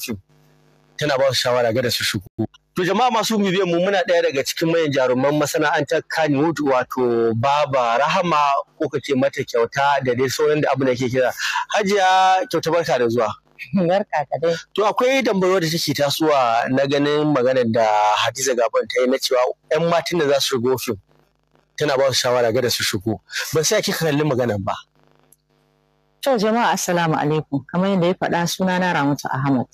kafin tana ba su shawara ga da su shigo to jama'a masu bibiyan mu muna ɗaya daga cikin manyan jaruman masana'antar Kannywood wato Baba Rahama ko ka mata kyauta da dai sauran da abu da ke kira Hajiya kyauta barka da zuwa barka ka dai to akwai dambarwa da take tasowa na ganin maganar da Hadiza Gaban ta yi na cewa 'yan matan da za su shigo fim tana ba su shawara ga da su shigo ban sai kika kalli maganar ba To jama'a assalamu alaikum kamar yadda ya faɗa sunana Ramatu Ahmad.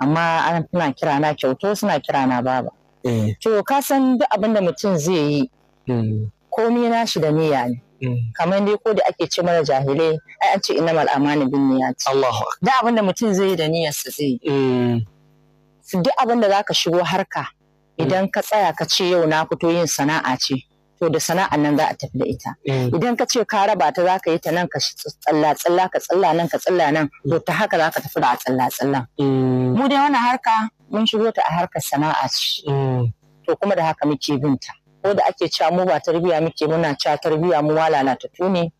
amma an tana kira na kyauto suna kira na baba eh. to ka san duk abin da mutum zai yi hmm. komi na shi da niyya ne hmm. kamar dai ko da ake ce mana jahilai ai an ce innamal amanu bin niyyati Allahu duk abin da mutum zai yi da niyyarsa zai yi hmm. duk abin da zaka shigo harka idan ka tsaya ka ce yau na fito yin sana'a ce to da sana'an nan za a tafi da ita eh. idan ka ce ka raba ta za ka yi ta nan ka tsalla tsalla ka tsalla nan ka tsalla nan to ta haka za ka tafi da a tsalla tsalla eh. mu dai wani harka mun shigo ta a harkar sana'a ce eh. to kuma da haka muke binta ko da ake cewa mu ba tarbiya muke muna cewa tarbiya mu walala ta tuni.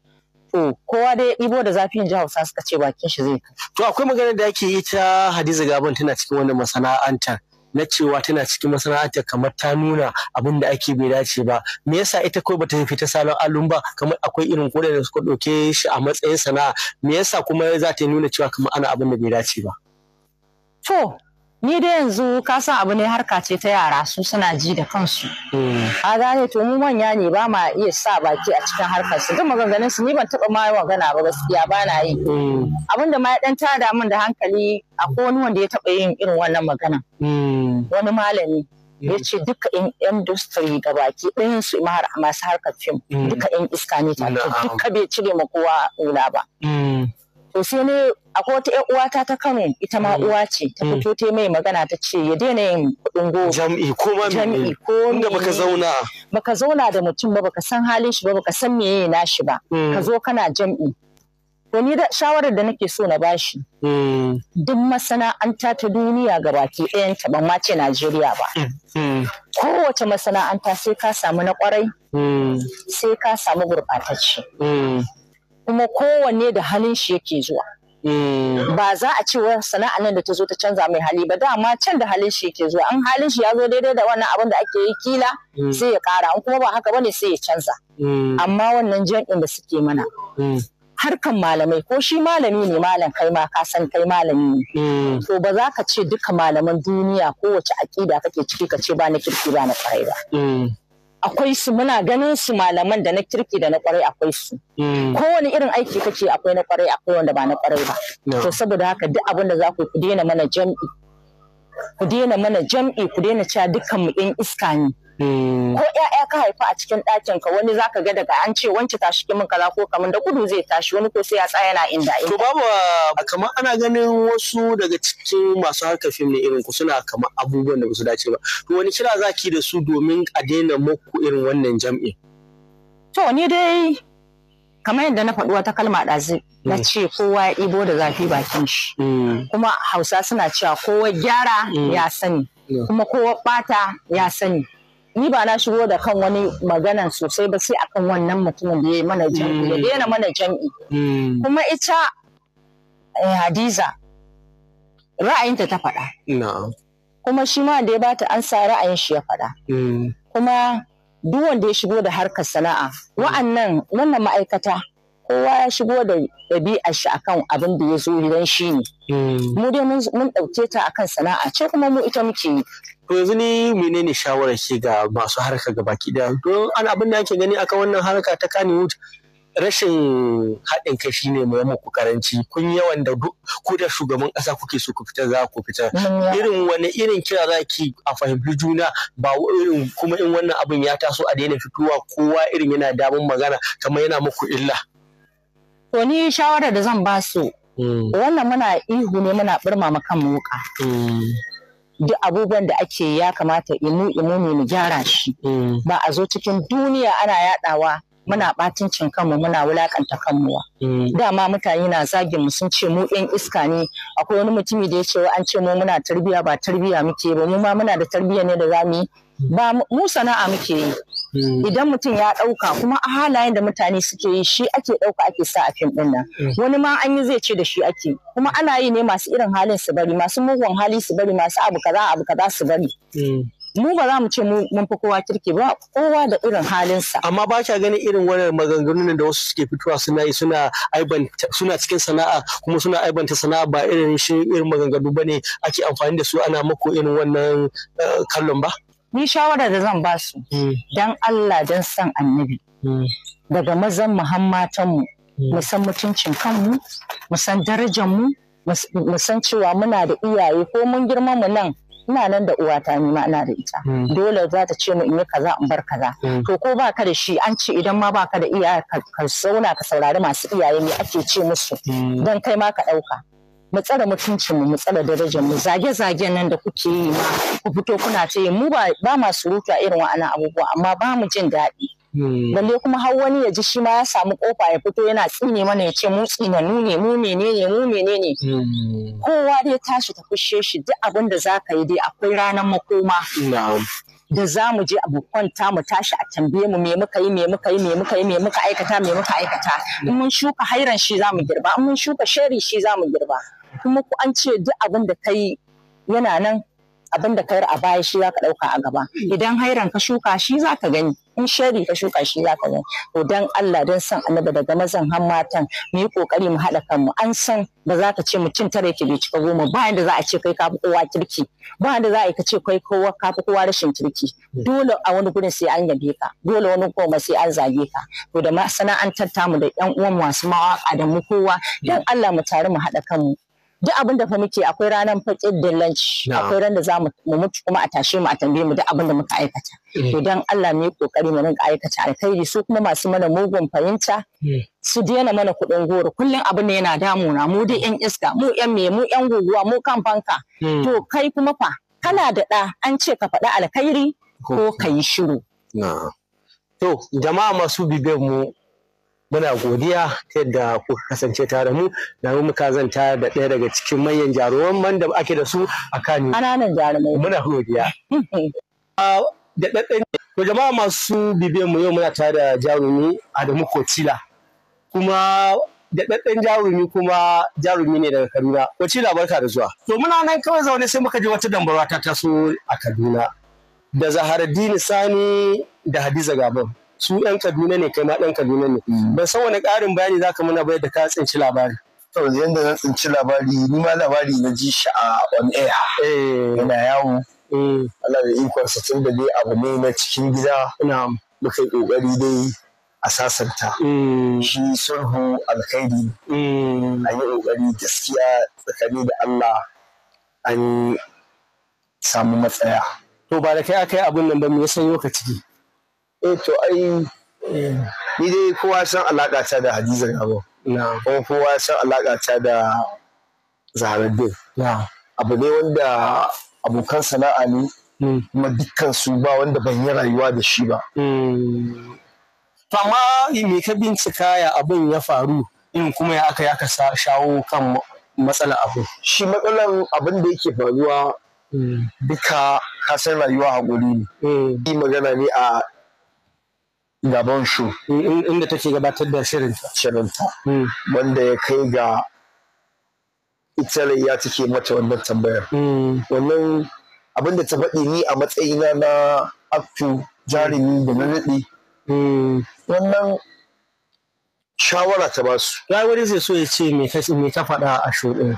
kowa da ya ɗibo da zafin ji hausa suka ce bakin shi zai to akwai maganar da ake yi ta hadiza gabon tana cikin wani masana'antar na cewa tana cikin masana'anta kamar ta nuna abin da ake bai dace ba me yasa ita kawai bata ta salon alun ba kamar akwai irin kuɗi da suka ɗauke shi a matsayin sana'a me yasa kuma za ta nuna cewa kamar ana abin da bai dace ba to ni da yanzu ka san abu ne harka ce ta yara su suna ji da kansu hmm. a gane to mu manya ne ba ma iya sa baki a cikin harkar su duk maganganun su ni ban taba ma magana ba gaskiya ba na yi hmm. abin da ma ya dan tada min da hankali akwai wani wanda ya taba yin irin wannan magana hmm. wani malami ya ce duka in industry ga baki ɗayan su masu harkar fim duka in iska ne ta duka bai cire ma kowa ina ba to sai ne akwai wata ƴan uwata ta Kano ita ma mm. uwa ce ta mm. fito ta mai magana ta ce ya daina yin kuɗin goma. jam'i ko ma jam'i ko inda baka zauna baka zauna da mutum ba baka san halin shi ba baka san me na shi ba mm. ka zo kana jam'i to ni da shawarar da nake so na bashi duk masana'anta ta duniya ga baki ɗayan ta ban ma Najeriya ba kowace masana'anta sai ka samu na kwarai sai ka samu gurɓatacce kuma kowanne da halin shi yake zuwa Eh. ba za a ce wani sana'a nan da ta zo ta canza mai hali ba dama can da halin shi yake zuwa an halin shi ya zo daidai da wannan abin da ake yi kila eh. sai ya kara an kuma ba haka bane sai ya canza eh. amma wannan jam'in da suke mana harkan malamai ko shi malami ne malam kai ma ka san kai malami ne to ba za ka ce duka malaman duniya kowace aƙida kake ciki ka ce ba na kirki ba na kwarai ba akwai su muna ganin su malaman da na kirki da na kwarai akwai su hmm. kowane irin aiki kake akwai na kwarai akwai wanda ba na kwarai ba to saboda haka duk abin da za ku ku daina mana jam'i ku daina mana jam'i ku daina cewa dukkan mu ɗin iska ne Mm. ko ƴaƴa ka haifa a cikin ɗakin ka wani zaka ga daga an ce wance tashi kimin kaza ko kamar da gudu zai tashi wani ko sai ya tsaya yana inda to babu kamar ana ganin wasu daga cikin masu harkar fim ne irin ku suna kamar abubuwan da ba su dace ba to wani kira zaki da su domin a daina muku irin wannan jam'i to ni dai kamar yadda na faɗuwa wata kalma ɗazu na mm. ce kowa ya ibo da zafi bakin shi mm. kuma hausa suna cewa kowa gyara ya sani kuma kowa ɓata ya sani ni ba na shigo da kan wani magana sosai ba sai akan wannan mutumin da ya yi mana jam'i mm. daina mana jam'i mm. kuma ita eh, hadiza ra'ayinta ta faɗa kuma shi ma da ya bata an sa ra'ayin shi ya faɗa mm. kuma duk wanda ya shigo da harkar sana'a wa'annan wannan ma'aikata kowa ya shigo da ɗabi'ar shi akan abin da ya zo gidan shi ne mu dai mun ɗauke ta akan sana'a ce kuma mu ita muke yi To yanzu ni menene shawarar shi ga masu harka gabaki daya? Don an abin da ake gani akan wannan harka ta Kannywood rashin haɗin kai shi ne maimako karanci kun yawan da ku da shugaban ƙasa kuke so ku fita za ku fita mm. irin wani irin kira za ki a fahimci juna ba irin kuma in wannan abin ya taso a daina fitowa kowa irin yana damun magana kamar yana muku illa to ni shawara da zan ba su mm. wannan muna ihu ne muna birma kan wuka mm. duk abubuwan da ake ya kamata imu imu ne mu gyara shi mm. ba a zo cikin duniya ana yadawa muna batincin kanmu muna wulakanta kanmu wa mm. dama mutane na zagin mu sun ce mu yan iska ne akwai wani mutumi da ya ce an ce mu muna tarbiya ba tarbiya muke ba mu ma muna da tarbiya ne da zamu yi ba mu sana'a muke yi Mm. idan mutum ya ɗauka kuma a halayen da mutane suke yi shi ake ɗauka ake sa a fim ɗin mm. wani ma an yi zai ce da shi ake kuma ana yi ne masu irin halin su bari masu mugun hali su bari masu abu kaza abu kaza su bari mm. mu ba za mu ce mun fi kowa kirki ba kowa da irin halinsa. Amma ba kya ganin irin wannan maganganun da wasu suke fitowa suna yi suna aibanta suna cikin sana'a kuma suna aibanta sana'a ba irin shi irin maganganu bane ake amfani da su ana mako irin wannan eh, kallon ba. ni shawarar da zan ba su hmm. dan Allah don san annabi hmm. daga mazan muhammatanmu mu hmm. mu san mutuncin kanmu mu san darajar mu mu san cewa muna da iyaye ko mun girma mu nan ina nan da uwata ni ma ina da ita dole za ta ce mu in yi kaza in bar kaza to ko ba ka da shi an ce idan ma ba ka da iyaye ka zauna ka saurari masu iyaye ne ake ce musu Don kai ma ka ɗauka. mu tsare mutuncin mu mu tsare darajar mu zage zage nan da kuke yi ma ku fito kuna ta yi mu ba ba ma surutu a irin wa'annan abubuwa amma ba mu jin daɗi hmm. balle kuma har wani ya ji shi ma ya samu kofa ya fito yana tsine mana ya ce mu nu ne mu menene mu menene hmm. kowa dai tashi ta fushe shi duk abin da za ka yi dai akwai ranar makoma da za mu je abu kwanta mu tashi a tambaye mu me muka yi me muka yi me muka yi me muka aikata me muka aikata in mun shuka hairan shi za mu girba in mun shuka shari shi za mu girba kuma ku an ce duk abin da ka yana nan abin da ka yi a baya shi zaka ka ɗauka a gaba idan hairan ka shuka shi za gani in shari ka shuka shi za gani to dan Allah dan san annabi daga mazan har matan mu yi kokari mu haɗa kanmu an san ba za ka ce mutum tare yake bai cika goma ba da za a ce kai kafi kowa kirki ba da za a yi ka ce kai kowa kafi kowa rashin kirki dole a wani gurin sai an yabe ka dole wani goma sai an zage ka to da masana'antar tamu da yan uwan masu mawaka da mu kowa dan Allah mu tare mu haɗa kanmu duk abin da fa muke akwai ranar da lunch akwai ran da za mu mutu kuma a tashe mu a tambaye mu duk abin da muka aikata eh. to dan Allah mu yi kokari mu rinka aikata alkhairi su kuma masu mana mugun fahimta eh. su daina mana kuɗin goro kullum abin da yana damuna mu dai yan iska mu yan me mu yan guguwa mu kan fanka eh. to kai kuma fa kana da ɗa an ce ka faɗa alkhairi ko ka yi shiru to jama'a masu bibiyar mu muna godiya ta yadda kuka kasance tare mu na mu muka zanta da ɗaya daga cikin manyan jaruman man da ake da su a Kano ƙananan jarumai muna godiya ah, da ɗaɗɗan ko jama'a masu bibiyan mu yau muna tare da jarumi Adamu Kocila kuma da ɗaɗɗan jarumi kuma jarumi ne daga Kaduna Kocila barka da zuwa to muna nan kawai zaune sai muka je wata dambarwa ta taso a Kaduna da Zaharaddini Sani da Hadiza Gabon su yan kaduna ne kai ma dan kaduna ne mm. ban san wani ƙarin bayani za ka muna bai da ka tsinci labari to yanda na tsinci labari ni ma labari na ji shi a on air yana eh. yawo mm. Allah da ikon sa tun da dai abu ne na cikin gida Ina muka yi kokari dai a sasanta mm. shi sulhu alkhairi Ayi yi kokari gaskiya tsakani da Allah an samu matsaya to ba da kai aka yi abin nan ba mu ya sanyo ka ciki in eh, to ai ni dai kowa san alaƙa ta da Hadiza Gabo na kuma kowa san alaƙa ta da na abu ne wanda abokan sana'a ne hmm. kuma dukkan su ba wanda ban yi rayuwa da shi ba hmm. amma me ka bincika ya abin ya faru in kuma ya aka ka shawo kan matsala abu shi matsalan abin da yake faruwa hmm. duka kasan rayuwa haƙuri ne yi magana ne a gaban shu inda take gabatar da shirinta shirinta hmm. wanda ya kai ga Italy ya take mata wannan tambayar hmm. wannan abin da ta faɗi ni a matsayina na aftu jarumi da na naɗi hmm. wannan shawara ta ba su ya wani zai so ya ce me ta faɗa a shuɗin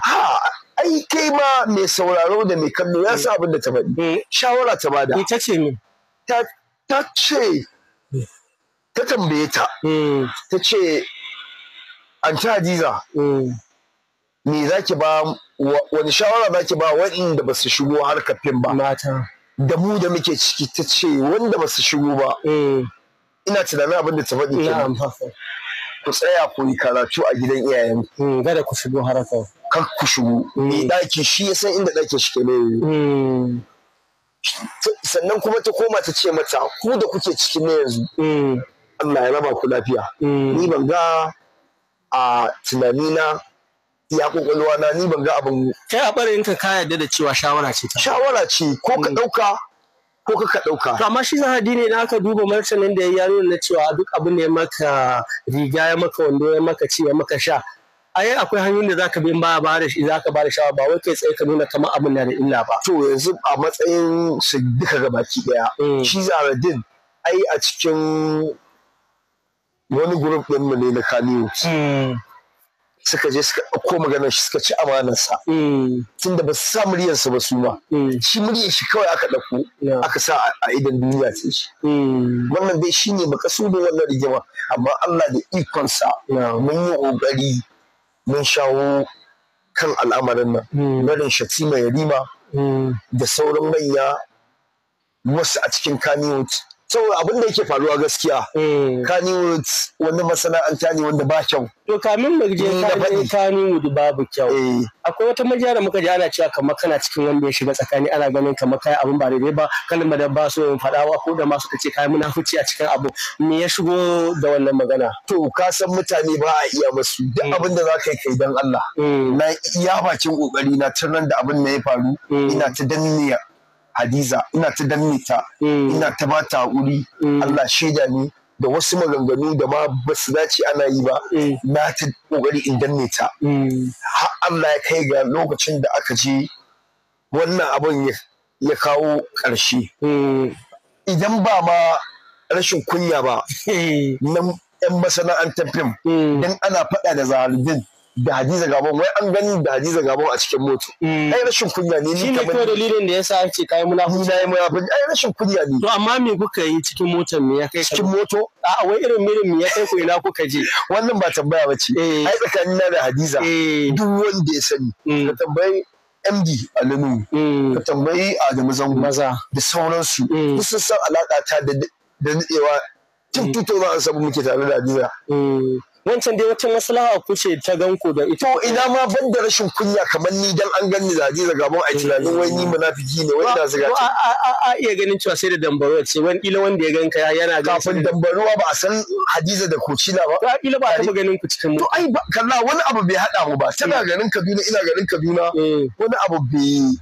ai kai ma mai sauraro da mai kallo ya sa abin da ta faɗi shawara ta bada ita ce me ta ce ta tambaye ta hmm. ta ce an ta hadiza hmm. me za ki ba wani shawara za ki ba waɗanda ba su shigo harkar fim ba mata da mu da muke ciki ta ce wanda ba su shigo ba hmm. ina tunanin abin da ta faɗi ke ku tsaya ku yi karatu a gidan iyayen kada ku shigo harkar kar ku shigo mai ɗaki shi ya san inda dake shi ne sannan kuma ta koma ta ce mata ku da kuke cikin ne yanzu Allah ya raba ku lafiya mm. ni ban ga a tunanina iya kokolwa na ni ban ga abin kai a barin ka ka yarda da cewa shawara ce ta shawara ce ko ka dauka mm. ko ka dauka to amma shi zahadi ne da aka duba martanin da ya nuna na cewa duk abin da ya maka riga ya maka wando ya maka ci ya maka sha ai akwai hanyoyin da zaka bi ba baya bada shi zaka ka da shawara ba wai kai tsaye ka nuna kamar abin na da illa ba to yanzu a matsayin su duka gabaki daya mm. shi zahadin ai a cikin wani gurin ɗin mu ne na kaliyo hmm. suka je suka ɗauko maganar shi suka ci amanarsa hmm. tunda ba su sa muryarsa ba su ma hmm. shi muryar shi kawai aka ɗauko aka sa a idan duniya ce shi wannan dai shi ne da wannan rigima amma Allah da ikonsa mun yi ƙoƙari mun shawo kan al'amarin nan barin shatima yarima da sauran manya wasu a cikin kaniyoti saboda abin da yake faruwa gaskiya hmm. Kannywood wani masana'anta ne wanda ba kyau to kamin mu je Kannywood babu kyau eh. akwai wata majiya da muka je ana cewa kamar kana cikin wanda ya shiga tsakani ana ganin kamar kai abin ba daidai ba kalmar da ba so in faɗa wa ko da masu suka ce kai munafuci a cikin abu me ya shigo da wannan magana to ka san mutane ba a iya musu duk hmm. abin da za ka yi kai dan Allah hmm. na iya bakin kokari na tunan da abin da ya faru ina ta danniya hadiza ina ta danne ta mm. ina ta bata wuri mm. Allah shaida ni da wasu maganganu da ma ba su dace ana yi ba mm. na ta kokari in danne ta har Allah ya kai ga lokacin da aka je wannan abun ya kawo ƙarshe idan ba ma rashin kunya ba nan 'yan masana'antar fim don ana faɗa da zahalibin da Hadiza Gabon wai an gani da Hadiza Gabon a cikin moto mm. ai rashin kunya ne ni kamar dalilin da yasa ake kai munafiki da munafiki ai rashin kunya ne to amma me kuka yi cikin motar me ya kai cikin moto a wai irin mirin me ya kai ku ina kuka je wannan ba tambaya bace eh. ai tsakanin na da Hadiza eh. duk wanda ya sani mm. ka tambayi MD Alinu mm. ka tambayi Adamu Zango maza da sauransu sun san alaka ta da da nadewa tun samu muke tare da Hadiza wancan dai wata maslaha kuce ta ganko da ita to ina ma ban da rashin kunya kamar ni dan an ganni da Hadiza gaban a tunanin wai ni mm. munafiki ne wai ina zuga ta a iya ganin cewa sai da dambaro ce wani ila wanda ya ganka yana ganin kafin dambaruwa ba a san Hadiza da Kucina ba to ila ba taba ganin ku cikin mu. to ai kalla wani abu bai hada mu ba tana mm. ganin Kaduna ina ganin Kaduna mm. wani abu bai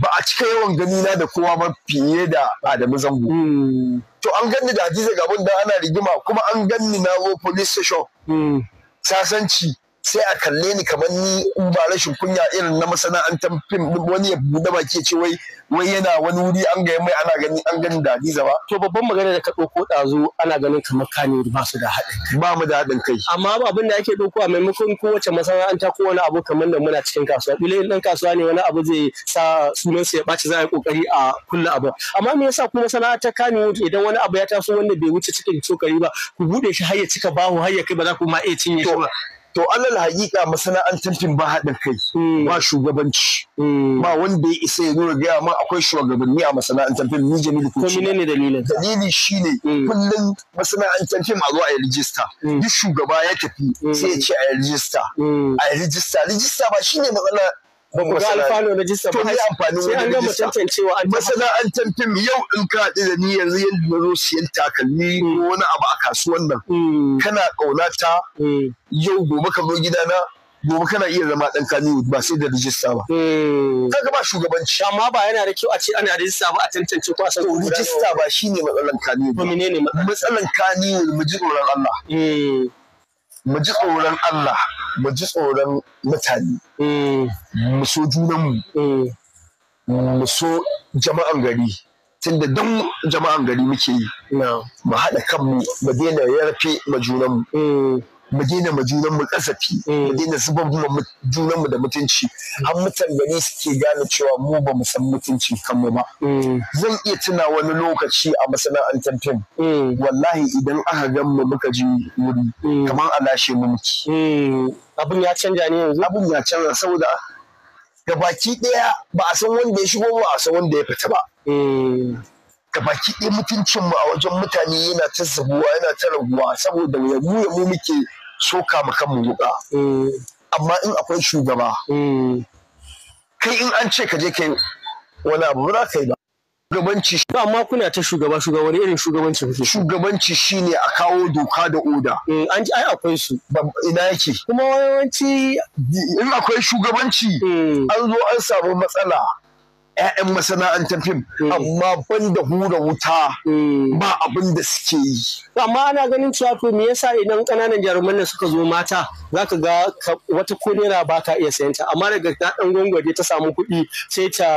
ba a cika yawan gani na da kowa ba fiye da Adamu Zango. Hmm. To an ganni da Hadiza Gabon da ana rigima kuma an ganni na go police station. Hmm. Sasanci sai a kalle ni kamar ni ba rashin kunya irin na masana'antar fim din wani ya buɗe baki ya ce wai wai yana wani wuri an ga mai ana gani an gani da Hadiza ba to babban magana da ka ɗauko ɗazu ana ganin kamar kane ba su da haɗin ba mu da haɗin kai amma ba abin da ake ɗauko a maimakon kowace masana'anta ko wani abu kamar da muna cikin kasuwa bile ɗan kasuwa ne wani abu zai sa sunan su ya ɓaci za a yi ƙoƙari a kulle abu amma me yasa kuma ta kani idan wani abu ya taso wanda bai wuce cikin cokari ba ku buɗe shi har ya cika bahu har ya kai ba za ku ma iya cinye shi to alal hakika masana'antar fim ba haɗin kai hmm. ba shugabanci hmm. ba wanda ya isa ya zo gaya ma akwai shugabanni a masana'antar fim ni jamilu kuma shi ne dalilin dalili shine hmm. kullum masana'antar fim a zo a yi rijista duk shugaba ya tafi sai ya ce a yi rijista a yi rijista rijista ba shine matsala ba ku ga alfano na jista ba sai an gama tantancewa an masana'antar fim yau in ka haɗu da ni yanzu yadda na zo siyan takalmi ko mm. wani abu a kasuwan nan mm. kana ƙaunata mm. yau gobe ka zo gidana gobe kana iya zama ɗan kanu ba sai da rijista ba. Kaga ba shugabanci. Amma ba yana da kyau a ce ana rijista ba a tantance ko a san ko rijista ba shine matsalan kanu. matsalan kanu mu ji tsoron Allah. Mu ji tsoron Allah. mu ji tsoron mutane mm. mu so junanmu mm. mu so jama'an gari tunda don jama'an gari muke yi mu haɗa kanmu mu daina yarfe ma mu. mu daina ma junan mu kasafi mu eh. daina zuban mu junan mu da mutunci an mutan gari suke gane cewa mu ba mu san mutuncin kanmu ba hmm. zan iya tuna wani lokaci a masana'antar fim hmm. wallahi idan aka gan mu muka ji wuri hmm. kamar a lashe mu muke abun ya canja ne yanzu abun ya canza saboda ga baki daya ba a san wanda ya shigo ba a san wanda ya fita ba ga baki ɗaya mutuncin mu a wajen mutane yana ta zubuwa yana ta raguwa saboda ya mu mu muke soka mu kan mu wuka eh. amma in akwai shugaba eh. kai in an ce ka je kai wani abu ba za ka yi ba shugabanci ba amma kuna ta shugaba shugaban irin shugabanci kuke shugabanci shine a kawo doka da oda eh, an ji ai akwai su ina yake kuma wanci in akwai shugabanci an zo an samu matsala 'ya'yan masana'antar fim mm. amma ban da hura wuta mm. ba abin da suke yi amma ana ganin cewa to me yasa idan ƙananan jaruman da suka zo mata Za ka ga wata ko naira ba ka iya sayanta amma daga ta ɗan gwangwaje ta samu kuɗi sai ta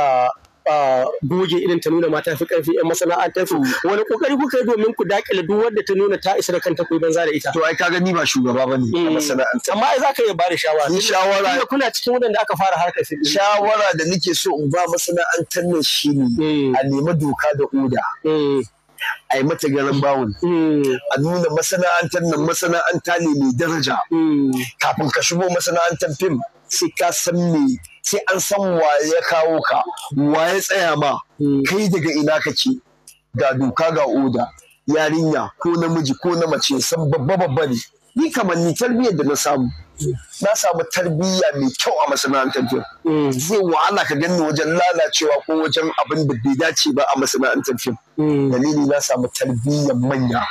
goge irin ta nuna mata fi karfi yan masana'antar su wani kokari kuka yi domin ku dakile duk wanda ta nuna ta isa da kanta ku banza da ita to ai kaga ni ba shugaba bane a eh. masana'antar amma ai zaka iya bada shawara ni shawara Ina kuna cikin wanda aka fara harkar su shawara da nake so in ba masana'antar nan shine eh. a nemi doka da oda eh. a yi mata garin bawon a nuna masana'antar nan masana'anta ne mai daraja kafin ka shigo masana'antar fim sai ka san me sai an san wa ya kawo ka wa ya tsaya ma hmm. kai daga ina ka ce? ga doka ga oda yarinya ko namiji ko na mace san babba babba ne ni kamar ni tarbiyyar da na samu na samu tarbiyya mai kyau a masana'antar fim hmm. zai wahala ka gani wajen lalacewa ko wajen abin da bai dace ba a masana'antar fim hmm. dalili na samu tarbiyyar manya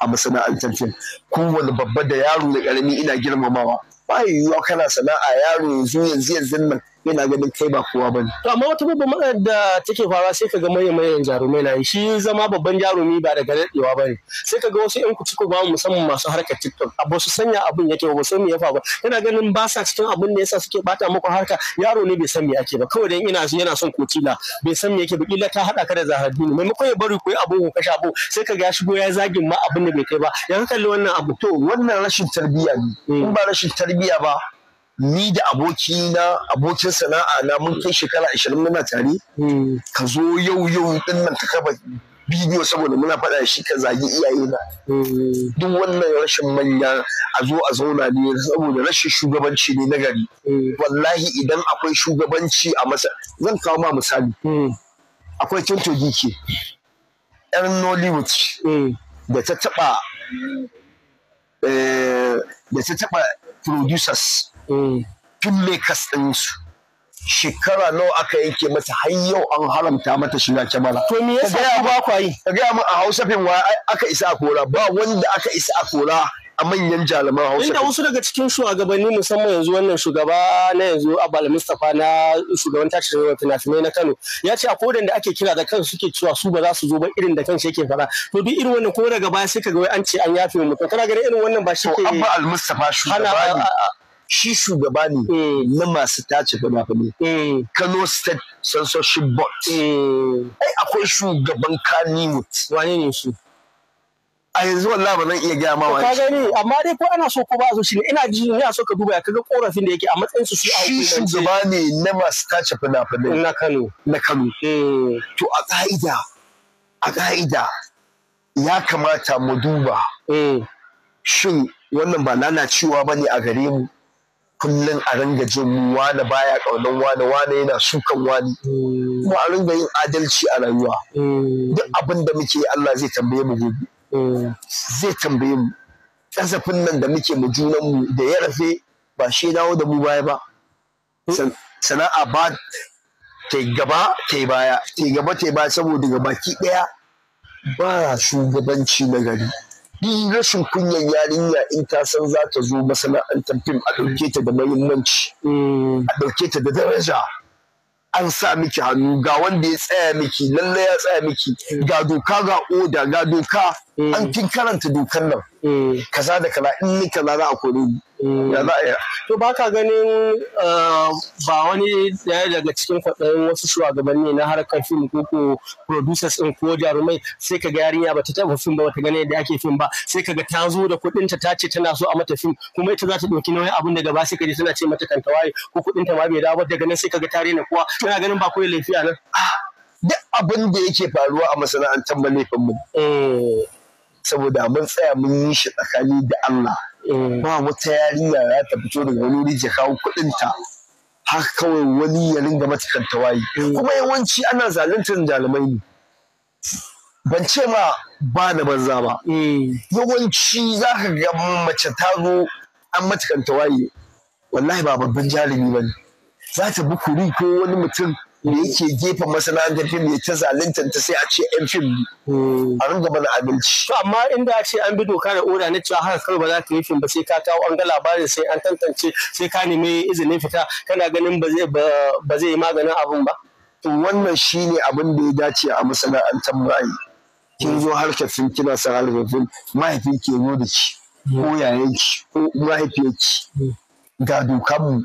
a masana'antar fim kowane babba da yaro da karami ina girmamawa ba yiwuwa kana sana'a yaro yanzu yanzu yanzu nan yana ganin kai ba kowa bane to amma wata babban matsalar da take fara sai ka kaga manyan jarumai na shi zama babban jarumi ba da daga ba ne. sai ka ga wasu yan kuciku ba musamman masu harkar TikTok abu su sanya abun yake ba sai mu ya faru yana ganin ba sa cikin abun da yasa suke bata muku harka yaro ne bai san me ake ba kawai dan ina yana son kotila bai san me yake ba illa ta hada ka da zahardini maimakon ya bari koyi abun ko kashe abu sai kaga ya shigo ya zagin ma abun da bai kai ba yanzu kalli wannan abu to wannan rashin tarbiyya ne in ba rashin tarbiyya ba ni da abokina abokin sana'a na mun kai shekara ashirin muna tare hmm. ka zo yau yau din nan ka kafa bidiyo saboda muna faɗa shi ka zagi iyaye na hmm. duk wannan rashin manya a zo a zauna ne saboda rashin shugabanci ne na gari hmm. wallahi idan akwai shugabanci a masa zan kawo ma misali akwai kinto dike yan nollywood da ta taɓa eh, da ta taɓa producers Eh. tun Lekas ɗin su. Shekara nawa aka yanke masa har yau an haramta mata shiga kyamara. To me yasa ya ba ku yi? Ka gaya min a Hausa fim wa aka isa a kora ba wanda aka isa a kora a manyan jaluman Hausa. Inda wasu daga cikin shugabanni musamman yanzu wannan shugaba na yanzu Abala Mustapha na shugaban tashi da fina-finai na Kano ya ce a kodan da ake kira da kansu suke cewa su ba za su zo ba irin da kansu yake fara. To duk irin wannan ko daga baya sai ka ga an ce an yafe mutum. Kana ganin irin wannan ba shi ke. To Abba Al-Mustapha shugaba ne. shi shugaba ne mm. na masu tace fina-finai mm. kano state censorship board mm. ai akwai shugaban kanimut wane ne shi a yanzu wallah ba zan iya gaya ma wani. Ka gani amma dai ko ana so ko ba so shine ina ji ina so ka duba ya kaga korafin da yake a matsayin su su a hukumance. Shi shugaba ne na masu tace fina-finai. Na Kano. Na Kano. To a ka'ida a ka'ida ya kamata mu duba. Shin wannan ba lalacewa ba ne a gare mu. kullum a ringa jin mu wane baya kaunan wane wane yana sukan wani kuma a ringa yin adalci a rayuwa duk abin da muke Allah zai tambaye mu gobe zai tambaye mu kasafin nan da muke mu junan mu da ya rafe ba shi dawo da mu baya ba sana'a ba ta gaba ta baya ta gaba ta baya saboda gabaki daya ba shugabanci na gari di rashin kunyar yarinya in ta san za ta zo masana'antar fim a ɗauke ta da mahimmanci mm. a ɗauke ta da daraja an sa miki hannu ga wanda ya tsaya miki lalle ya tsaya miki mm. ga doka ga oda ga doka mm. an kin karanta dokan nan kaza da kaza in ni kaza za a kore Mm. to ba ka ganin eh, ba wani daya daga cikin kwaɗayin wasu shugabanni na harkar fim ko ko producers in ko jarumai sai ka ga yarinya ba ta taɓa fim ba ta gane yadda ake fim ba sai ka ga ta zo da kuɗin ta ce tana so a mata fim kuma ita za ta ɗauki nauyin abin da gaba sai ka je tana ce mata kanta waye ko kuɗin ta ma bai dawo daga nan sai ka ga tare na kowa kana ganin ba koyi laifi a nan. duk abin da yake faruwa a masana'antar mu mu. Eh. saboda mun tsaya mun yi shi tsakani da Allah. Eh, ba wata yariya za ta fito daga wani wuri ya kawo kuɗinta haka kawai wani ya ringa mata kantawayi kuma yawanci ana zaluntar jalamai ne ban ce ma ba da banza ba eh. yawanci za ka ga mace ta zo an mata kantawayi wallahi ba babban jarumi ba ne za ta bi kuri ko wani mutum me yake gefe masana'antar fim ya ta zaluntar ta sai a ce yan fim a ringa mana abinci. To amma inda a ce an bi doka da oda na cewa haka kawai ba za ka yi fim ba sai ka kawo an ga labarin sai an tantance sai ka nemi izinin fita kana ganin ba zai yi maganin abin ba. To wannan ne abin da ya dace a masana'antar ra'ayi. Kin zo harkar fim kina son harkar fim mahaifin ke zo da ki ko yayanki ko mahaifiyarki ga dokanmu.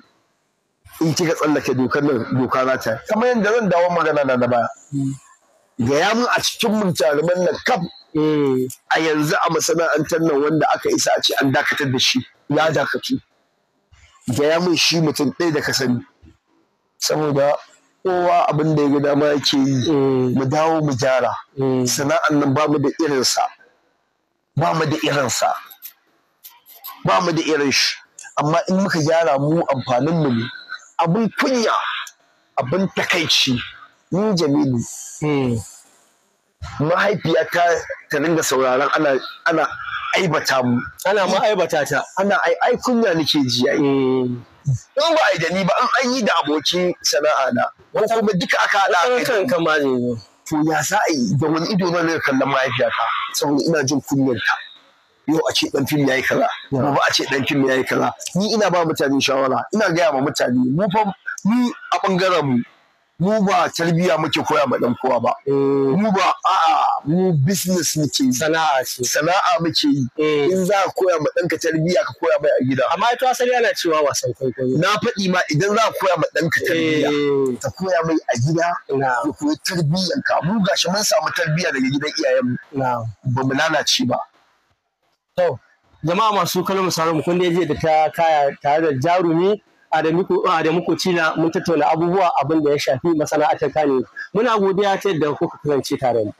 in kika tsallake dokar nan doka na ta kamar yadda zan dawo magana na baya gaya mun a cikin mun jaruman nan kaf a yanzu a masana'antar nan wanda aka isa a ce an dakatar da shi ya dakatu gaya mun shi mutum ɗaya da ka sani saboda kowa abin da ya ga dama yake yi mu dawo mu gyara sana'an nan ba mu da irinsa ba mu da irinsa ba mu da irin shi amma in muka gyara mu amfanin mu ne abin kunya abin takaici ni jamilu hmm. mahaifiyata ta dinga sauraron ana ana aibata mu ana ma aibata ta ana ai ai kunya nake ji ai hmm. in ba ai da ni ba an an yi da abokin sana'a na ko kuma duka aka hada kan kan ma ne to ya sa'i da wani ido na ne kallon mahaifiyata saboda ina jin kunyar ta yau a ce dan fim yayi kaza gobe a ce dan fim yayi kaza ni ina ba mutane shawara ina gaya ma mutane mu fa mu a bangaren mu mu ba tarbiya muke koya ma dan kowa ba eh. mu ba a'a mu business muke yi sana'a sana'a muke yi eh. in za ka koya ma danka tarbiya ka koya mai a gida amma ita asali ana cewa wasan kwaikwayo na faɗi ma idan za ka koya ma danka tarbiya eh. ka koya mai a gida ka koya ka mu gashi mun samu tarbiya daga gidan iyayen mu ba mu lalace ba To, jama'a masu kallon misalin mu kun da je da ta kaya tare da jarumi Adamu cina mun tattauna abubuwa abin da ya shafi masana'antar kani. Muna godiya ta yadda kuka kasance tare mu.